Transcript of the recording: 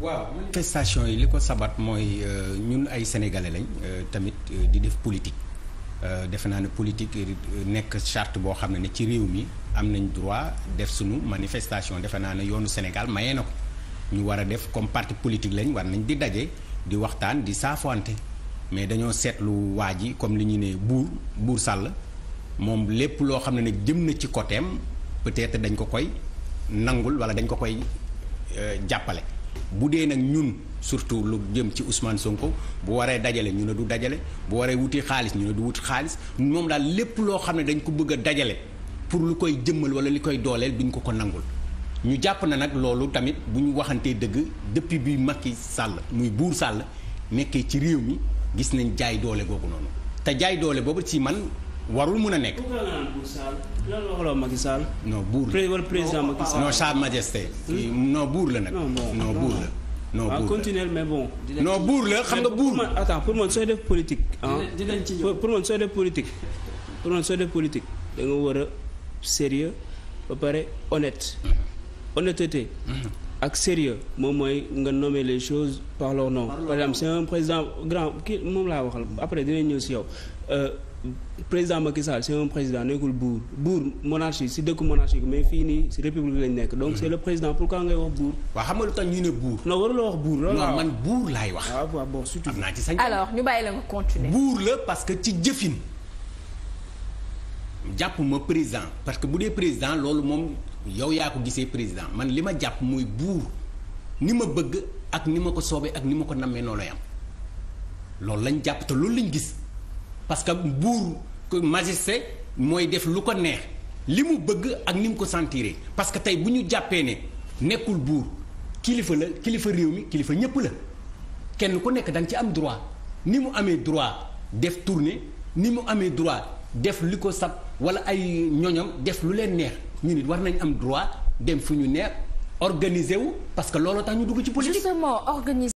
waaw manifestation yi li ko sabat mooy euh, ñun ay sénégalais lañ euh, tamit euh, di def politique defe naa ne politique nekk charte boo xam ne ci réew mi am nañ droit def sunu manifestation defe naa ne yoonu Sénégal mayee na ko ñu war a def comme parti politique lañ war nañ di daje di waxtaan di saafante mais dañoo seetlu waa ji comme li ñu ne buur buur sàll moom lépp loo xam ne nag jëm na ci côté am peut-être dañ ko koy nangul wala dañ ko koy jàppale. bu dee nag ñun surtout lu jëm ci Ousmane Sonko bu waree dajale ñu ne du dajale bu waree wuti xaalis ñu ne du wuti xaalis moom daal lépp loo xam ne dañ ko bëgg a dajale pour lu koy jëmal wala li koy dooleel duñ ko ko nangul. ñu jàpp na nag loolu tamit bu ñu waxantee dëgg depuis bi Macky sàll muy buur sàll nekkee ci réew mi gis nañ jaay doole googu noonu te jaay doole boobu ci man. warul mun a nekk. non buur la président Macky Sall. non sa majesté. Hmm? non buur la nag. non buur la. non ah, buur la continuer mais bon. non buur la xam nga buur. attends pour man sooy def politique. pour man sooy def politique. pour man sooy def politique da sérieux ba pare honnête hmm. honnêteté. Hmm. ak sérieux moom mooy nga nommer les choses par leur nom par exemple c'est un président grand kii moom laa waxal après dinañ ñëw si yow euh, président Macky Sall c'est un président nekkul buur buur monarchie si dëkku monarchie mais fii nii si république lañ nekk donc c'est le président pourquoi ngay wax buur. waaw xam nga lu tax ñu ne buur. non waruloo wax buur loolu. non man buur laay wax. Ah, waaw ñu bàyyi la nga continuer. buur la parce que ci jëfin jàpp ma président parce que bu dee président loolu moom yow yaa ko gisee président man li ma jàpp mooy buur ni ma bëgg ak ni ma ko soobee ak ni ma ko nammee noo lay am loolu lañ jàpp te loolu lañ gis parce que buur majesté mooy def lu ko neex li mu bëgg ak ni mu ko sentiree parce que tey bu ñu jàppee ne nekkul buur kilifa la kilifa réew mi kilifa ñëpp la kenn ku nekk da ci am droit ni mu amee droit def tournée ni mu amee droit def li ko sab wala ay ñoñom def lu leen neex ñu nit war nañ am droit dem fu ñu neex organiser wu parce que looloo tax ñu dugg ci politique. justement organiser